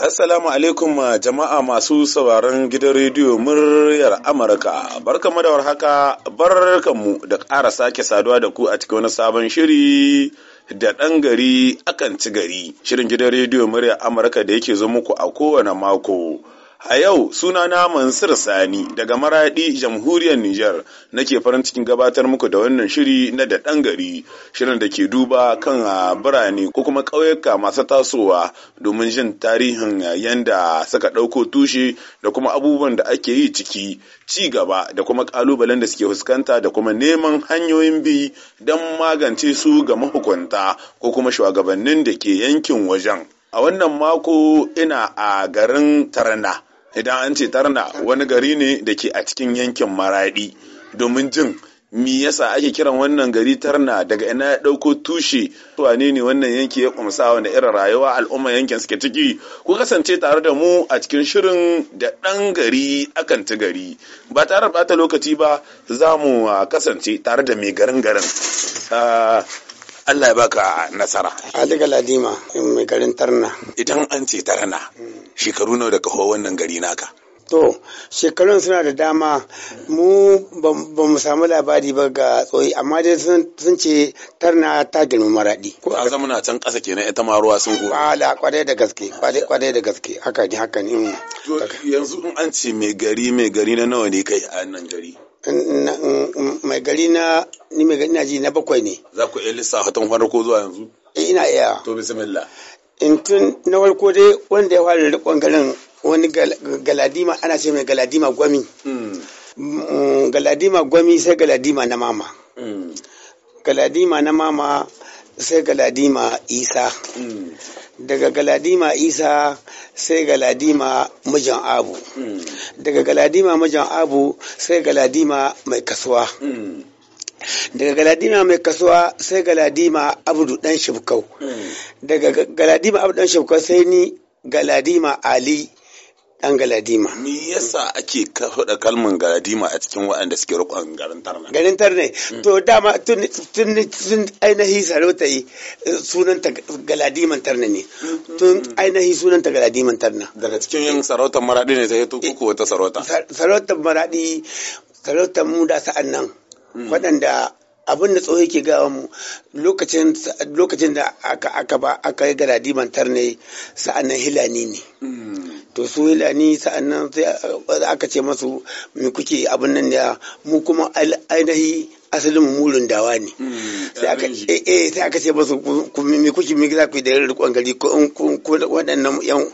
Assalamu alaikum uh, jama'a masu sauraron gidan rediyo muryar Amurka. Barkamu da warhaka, mu da ƙara sake saduwa da ku a cikin wani sabon shiri da ɗan gari akan ci gari. Shirin gidan rediyo muryar Amurka da yake zo muku a kowane mako. A yau suna na Mansur Sani daga maraɗi Jamhuriyar Nijar nake farin cikin gabatar muku da wannan shiri na da ɗan gari shirin da ke duba kan birane ko kuma ƙauyuka masu tasowa domin jin tarihin yanda suka ɗauko tushe da kuma abubuwan da ake yi ciki ci gaba da kuma ƙalubalen da suke fuskanta da kuma neman hanyoyin bi don magance su ga mahukunta ko kuma shugabannin da ke yankin wajen. A wannan mako ina a garin Tarana. idan an ce tarna wani gari ne da ke a cikin yankin maradi domin jin mi yasa ake kiran wannan gari tarna daga ina ya ɗauko tushe wane ne wannan yanki ya kumsa wani irin rayuwa al'umma yankin suke ciki ku kasance tare da mu a cikin shirin da ɗan gari akan ta gari ba tare da bata lokaci ba za mu ah, kasance tare da mai garin garin ah, Allah ya baka nasara. Ali Galadima mai garin Tarna. Idan an ce Tarna shekaru nawa da kawo wannan gari naka? To, shekarun suna da dama mu ba mu samu labari ba ga tsoyi, amma dai sun ce tarna ta girma maraɗi. Ko a zamana can ƙasa kenan ita ma ruwa sun kuwa. Ala, kwarai da gaske, kwarai da gaske, haka ne, haka ne. Mm. Yanzu in an ce mai gari mai gari na nawa ne kai a nan gari? mai gari na ni mai gari na ji na bakwai ne za ku iya lissafa tun farko zuwa yanzu eh, ina iya to bismillah in tun na farko dai wanda ya fara rikon garin wani galadima ana ce mai galadima gwami hmm. mm, galadima gwami sai galadima na mama hmm. galadima na mama sai galadima isa hmm. daga galadima isa sai galadima mijin abu hmm. daga galadima mijin abu sai galadima mai kasuwa hmm. daga galadima mai kasuwa sai galadima abu dan shibkau hmm. daga galadima abu dan shibkau sai ni galadima ali ɗan galadima me yasa ake faɗa kalmar galadima a cikin waɗanda suke rukun garin tarna garin tarne mm. to dama tun tun tun ainihi sarauta yi eh, sunan ta galadiman tarna ne mm. tun ainihi sunan ta galadiman tarna daga cikin yin sarautar maradi ne ta yi kuku wata sarauta sarautar maradi sarautar mu da sa'an nan mm. waɗanda abin da tsohon ke gawa mu lokacin da aka ba aka yi galadiman tarne sa'an nan hilani ne to su sa'an nan sai aka ce masu mai kuke abin nan da mu kuma ainihi asalin mulun dawa ne hmm, eh, sai aka ce masu me kuki me za ku yi da rikon gari ko waɗannan yan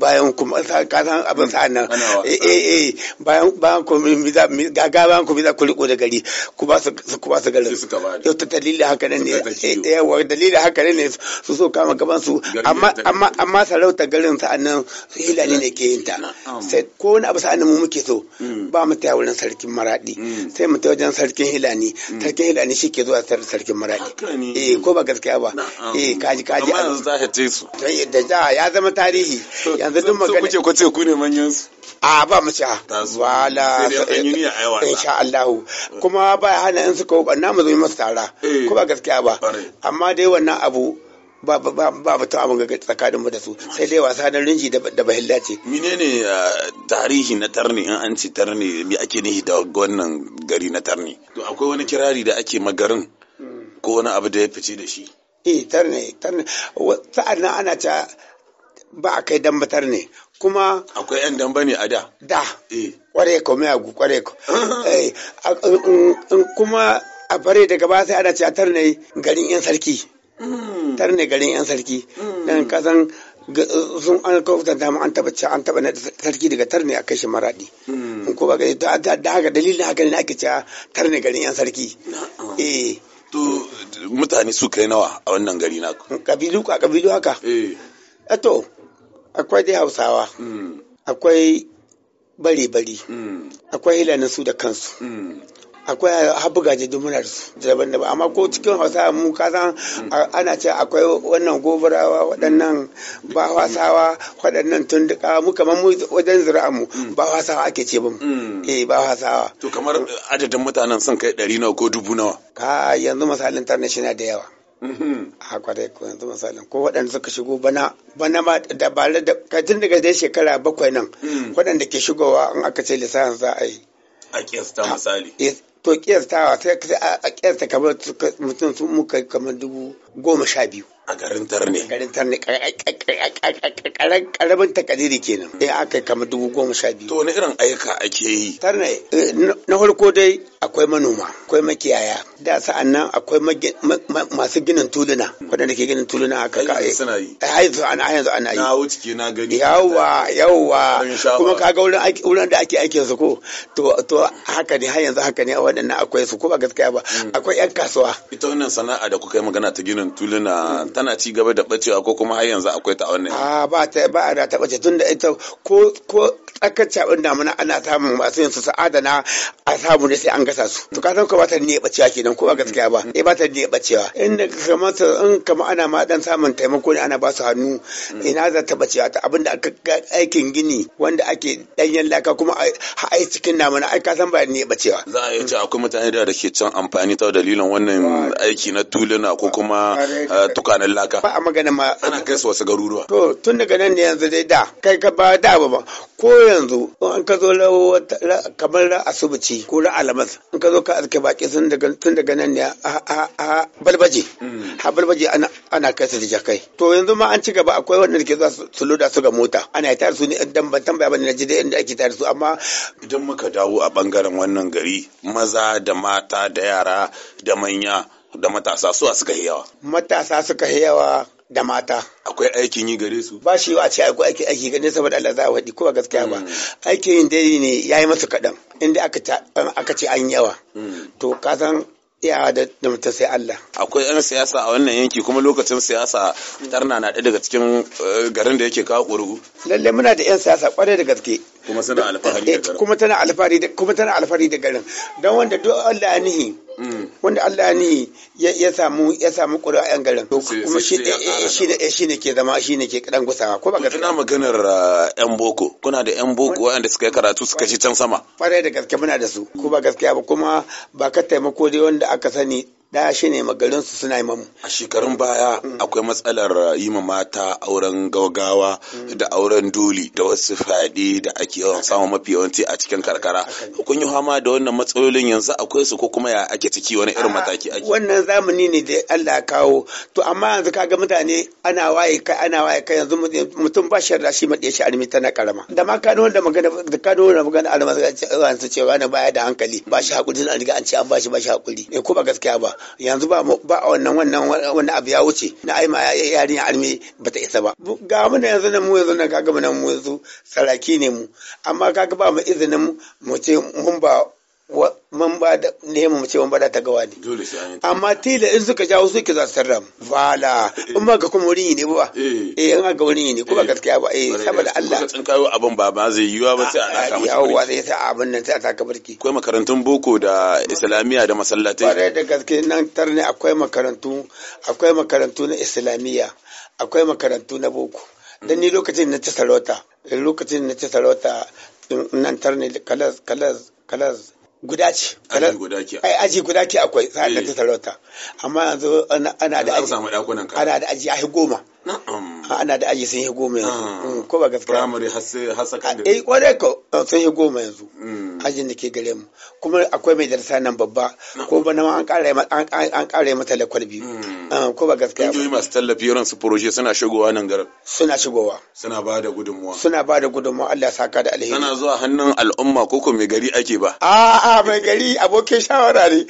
bayan kuma ka san abin sa nan eh, eh, bayan kuma ku ga bayan ku za ku riko da gari ku ba su gari yauta yau ta dalilin haka ne yawa dalilin haka ne su so kama gaban su amma amma amma sarauta garin sa'annan hilali ne ke yin ta sai ko wani abu nan mu muke so hmm. ba mu ta wurin sarkin maradi hmm. sai mu ta wajen sarkin hilali. hilani sarkin mm. hilani shi shike zuwa sarkin maraki eh ko ba gaskiya ba eh kaji kaji amma yanzu za ce su da ja ya zama tarihi yanzu duk magana kuke ku ce ku ne manyan su a ba mu sha wala insha Allah kuma ba hana in ba na mu zo masa tara eh. ko ba gaskiya ba amma dai wannan abu ba ba ba mutum abin ga tsakaninmu da su sai dai wasa na rinji da bahilla ce menene tarihi na tarni in an ci tarni me ake nihi da wannan gari na tarni to akwai wani kirari da ake magarin ko wani abu da ya fice da shi eh tarni tarni sa'an ana ta ba a kai damba tarni kuma akwai yan damba ne a da da eh. kware ko mai agu kware ko eh, kuma a bare daga ba sai ana ci a tarni garin yan sarki tar ne garin yan sarki dan kasan sun an kofta dama an taba ci an taba na sarki daga tar ne akai shi maradi ko ba gani da haka dalilin haka ne ake cewa tar ne garin yan sarki eh to mutane su kai nawa a wannan gari na kabilu ka kabilu haka eh. eh to akwai dai hausawa mm. akwai bari bari mm. akwai hilanin su da kansu mm. akwai habugaje duk muna su daban daban amma ko cikin hausa mu kasan ana ce akwai wannan gobarawa waɗannan ba wasawa waɗannan tunduka mu kamar mu wajen zira mu mm. ba wasawa ake ce bamu mm. eh ba wasawa to kamar adadin mutanen sun kai ɗari nawa ko dubu nawa ka yanzu misalin na da yawa mm-hmm. a kwarai ko yanzu misalin ko waɗanda suka shigo bana bana ma da ba da tun daga dai shekara bakwai nan mm. waɗanda ke shigowa in aka ce lissafin za a yi a kiyasta misali to kiyastawa sai a kiyasta kamar mutum sun muka kamar dubu goma sha biyu a garin tarne garin tarne karamin takadiri kenan sai eh, aka kama dubu goma sha biyu to wani irin ayyuka ake yi tarne eh, na farko dai akwai manoma akwai makiyaya da sa'an nan akwai masu ginin tuluna waɗanda ke ginin tuluna aka kai eh, suna yi yanzu ana yanzu ana yi na ciki na gani yawa yawa kuma kaga wurin da ake aikin su ko to haka ne har yanzu haka ne a waɗannan akwai su ko ba gaskiya ba hmm. akwai yan kasuwa ita wannan sana'a da kuka yi magana ta ginin tuluna tana ci gaba da bacewa ko kuma har yanzu akwai ta wannan a ah, ba ta ba da ta bace tunda ita ko ko tsakacce abin damuna ana samun masu yin su sa'adana a samu ne sai an gasa su to ka san ko ba ta ne bacewa kenan ko ba gaskiya ba hmm. eh ba ta ne bacewa inda kamar in kamar ana ma dan samun taimako ne ana ba su hannu hmm. ina za ta bacewa ta abinda aka aikin gini wanda ake danyen laka kuma a cikin namuna ai ka san ba ne bacewa za a yi akwai mutane da da ke can amfani ta dalilin wannan aiki na tuluna ko kuma eh, tukanin laka ba a magana ma ana kai su wasu garuruwa to tun daga nan ne yanzu dai da kai ka ba da ba ko yanzu an ka zo kamar na asibiti ko na alamas an ka zo ka azke baki sun daga tun daga nan ne a balbaje a balbaje mm. ana ana kai su da jakai to yanzu ma an ci gaba akwai wanda ke zuwa su loda su ga mota ana tare su ne dan ban tambaya ba ne na ji da inda ake tare su amma idan muka dawo a bangaren wannan gari maza maza da mata da yara da manya da matasa su suka yawa. Matasa suka yawa da mata. Akwai aikin yi gare su. Ba shi a ce akwai aiki aiki gare saboda Allah za a waɗi kuma gaskiya ba. Hmm. Aikin yin dai ne ya yi masu kaɗan inda aka ce an yawa. Hmm. To ka san iyawa da mutu sai Allah. Akwai 'yan siyasa a wannan yanki kuma lokacin siyasa tarna na ɗaya daga cikin eh, garin da yake kawo ƙurugu. Lallai muna da 'yan siyasa ƙwarai da gaske. kuma tana alfahari da garin kuma tana alfahari da kuma tana alfahari da garin don wanda duk Allah ya nihi mm. wanda Allah ya nihi ya samu ya samu ƙuri'an garin kuma shi ne shi ne ke zama shi ne ke kadan gusawa ko ba ga ina maganar yan uh, boko kuna da yan boko waɗanda suka yi karatu suka ci can sama kwarai da gaske muna da su ko ba gaskiya ba kuma ba ka taimako dai wanda aka sani da shi ne magarinsu suna yi mamu. A shekarun baya mm. akwai matsalar yi ma mata auren gaugawa mm. da auren doli da wasu Fadi da ake yawan samun mafi yawanci a cikin karkara. Kun yi hama da wannan matsalolin yanzu akwai su ko kuma ya ake ciki wani irin mataki ake. Wannan zamani ne da Allah kawo. To amma yanzu kaga mutane ana waye kai ana waye kai yanzu mutum ba shi da shi maɗe shi almi tana karama. Da ma kano da magana da kano da magana almasa cewa na baya da hankali ba shi hakuri an riga an ce an ba shi ba shi hakuri. Ko ba gaskiya ba. yanzu ba ba wannan wannan wani abu ya wuce na aima armi ba ta isa ba ga mu yanzu nan mu yanzu nan kaga mu nan mu yanzu saraki ne mu amma kaga ba mu izinin mu ce mun ba mun ba da neman mu ce mun bada ta gawa ne amma tila in suka jawo su ke za su tarra fala eh. in ma ga kuma wurin ne ba eh, eh in ga wurin ne kuma eh. gaskiya ba eh saboda Allah sun kayo abin ba ba zai yiwa ba sai a saka ah, masa yawa zai sa abin nan sai a saka barki akwai makarantun boko da islamiya da masallatai bare da gaske nan tarne akwai makarantu akwai makarantu na islamiya akwai makarantu na boko dan ni lokacin na ci sarauta lokacin na ci sarauta nan tarne kalas kalas kalas guda ce ai aji guda ke akwai sa'ad da eh. ta sarauta amma yanzu ana da aji ana da aji ahi goma ah, ana da aji sun yi goma yanzu ah. mm, ko ba gaskiya primary har secondary eh kwarai ko eh, sun yi goma yanzu mm. ajin da ke gare mu kuma akwai mai darasa nan babba ko ba nan an kara an mata lakwal biyu mm. Ah, ko ba gaskiya ba masu tallafi irin su proje suna shigowa nan garin suna shigowa suna ba da gudunmuwa suna ba da gudunmuwa Allah ya saka da alheri tana zuwa hannun al'umma ko ko mai gari ake ba a a mai gari abokin shawara ne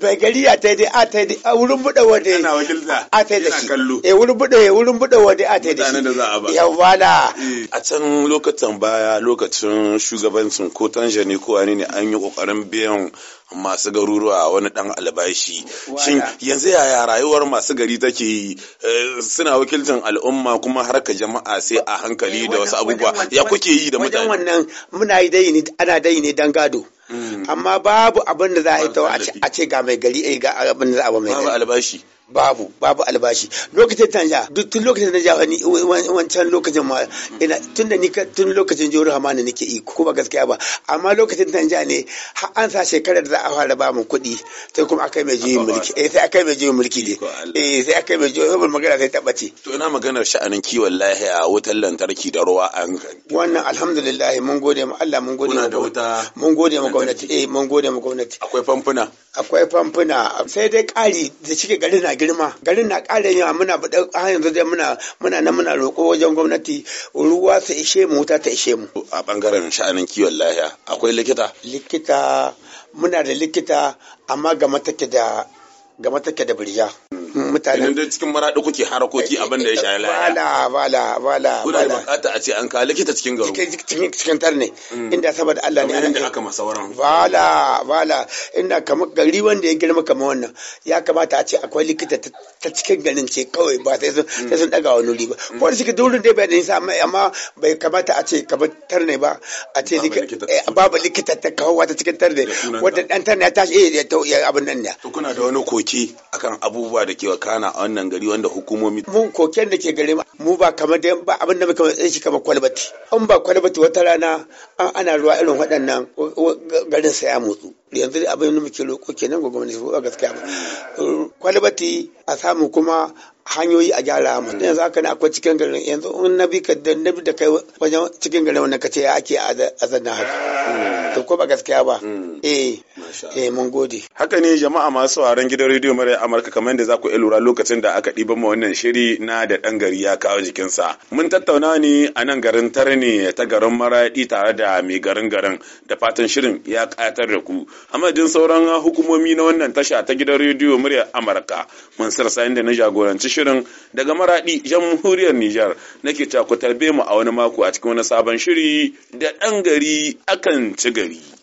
mai gari a ta dai a ta dai a wurin buɗe wanda yana wakilta a ta da shi e wurin buɗe wurin buɗe wanda a ta da shi da za a ba yawa da eh. a can lokacin baya lokacin shugabancin ko tanjani ko wani ne an yi kokarin biyan masu garuruwa wani dan albashi shin yanzu yaya rayuwar masu gari take yi eh, suna wakilcin al'umma kuma harka jama'a sai a hankali eh, da wasu abubuwa ya kuke yi da mutane wannan muna yi dai ne ana dai ne dan gado Hmm. amma babu abin da za a yi ta a ce ga mai gari eh ga abin da za a ba mai gari babu albashi babu babu albashi lokacin tanja duk tun lokacin na jawa ni wancan lokacin ma ina tun da ni tun lokacin jihar ne nake yi kuma gaskiya ba amma lokacin tanja ne har an sa shekarar da za a fara ba mu kuɗi sai kuma akai eh, mai juyin mulki eh sai akai mai juyin mulki ne eh sai akai mai juyin mulki magana sai tabbace to ina maganar sha'anin kiwon lahiya wutar lantarki da ruwa an wannan alhamdulillah mun gode mu Allah mun gode mu mun gode mu gwamnati eh mun gode mu gwamnati akwai famfuna akwai famfuna sai dai kari da cike garin na girma garin na kare yawa muna bada har yanzu dai muna muna nan muna roƙo wajen gwamnati ruwa su ishe mu wuta ta ishe mu a bangaren sha'anin kiwon lafiya akwai likita likita muna da likita amma ga matake da ga matake da birja mutanen da cikin maraɗi kuke harakoki abin da ya shaye laya bala bala bala kuna da bukata a ce an ka likita cikin garo cikin cikin tar ne mm. inda saboda Allah ne da aka masa wurin bala bala inda kamar gari wanda ya girma kamar wannan ya kamata a ce akwai likita ta cikin garin ce kawai ba sai sun mm. sai sun daga wani wuri ba mm. ko da cikin durin dai bai da nisa amma bai kamata a ce kamar tar ne ba a ce babu likita ta eh, kawo wata cikin tar ne wanda dan tar ne ya tashi eh abin nan ne kuna da wani koki akan abubuwa da ke ke kana a wannan gari wanda hukumomi. Mun koken da ke gare mu ba kamar da ba abin da muka matsayin shi kamar kwalbati. An ba kwalbati wata rana ana ruwa irin waɗannan garin sa ya motsu. Yanzu abin da muke roƙo kenan ga gwamnati ba gaskiya ba. Kwalbati a samu kuma hanyoyi a gyara mu hmm. yanzu aka ne akwai cikin garin yanzu in na bi ka da kai wajen cikin garin wannan kace ya ake a zanna haka. Hmm. to ko ba gaskiya ba mm. eh eh mun gode haka ne jama'a masu sauraron gidan rediyo Maryam Amurka kamar yadda za ku iya lura lokacin da aka ɗiban mu wannan shiri na da ɗan gari ya kawo jikinsa mun tattauna ne a nan garin Tarni ta garin maradi tare da mai garin garin da fatan shirin ya ƙayatar da ku amadin sauran hukumomi na wannan tasha ta gidan rediyo murya Amurka Mansur Sani da na jagoranci shirin daga Maraɗi jamhuriyar Nijar nake cakutar mu a wani mako a cikin wani sabon shiri da dan gari akan ci gari gari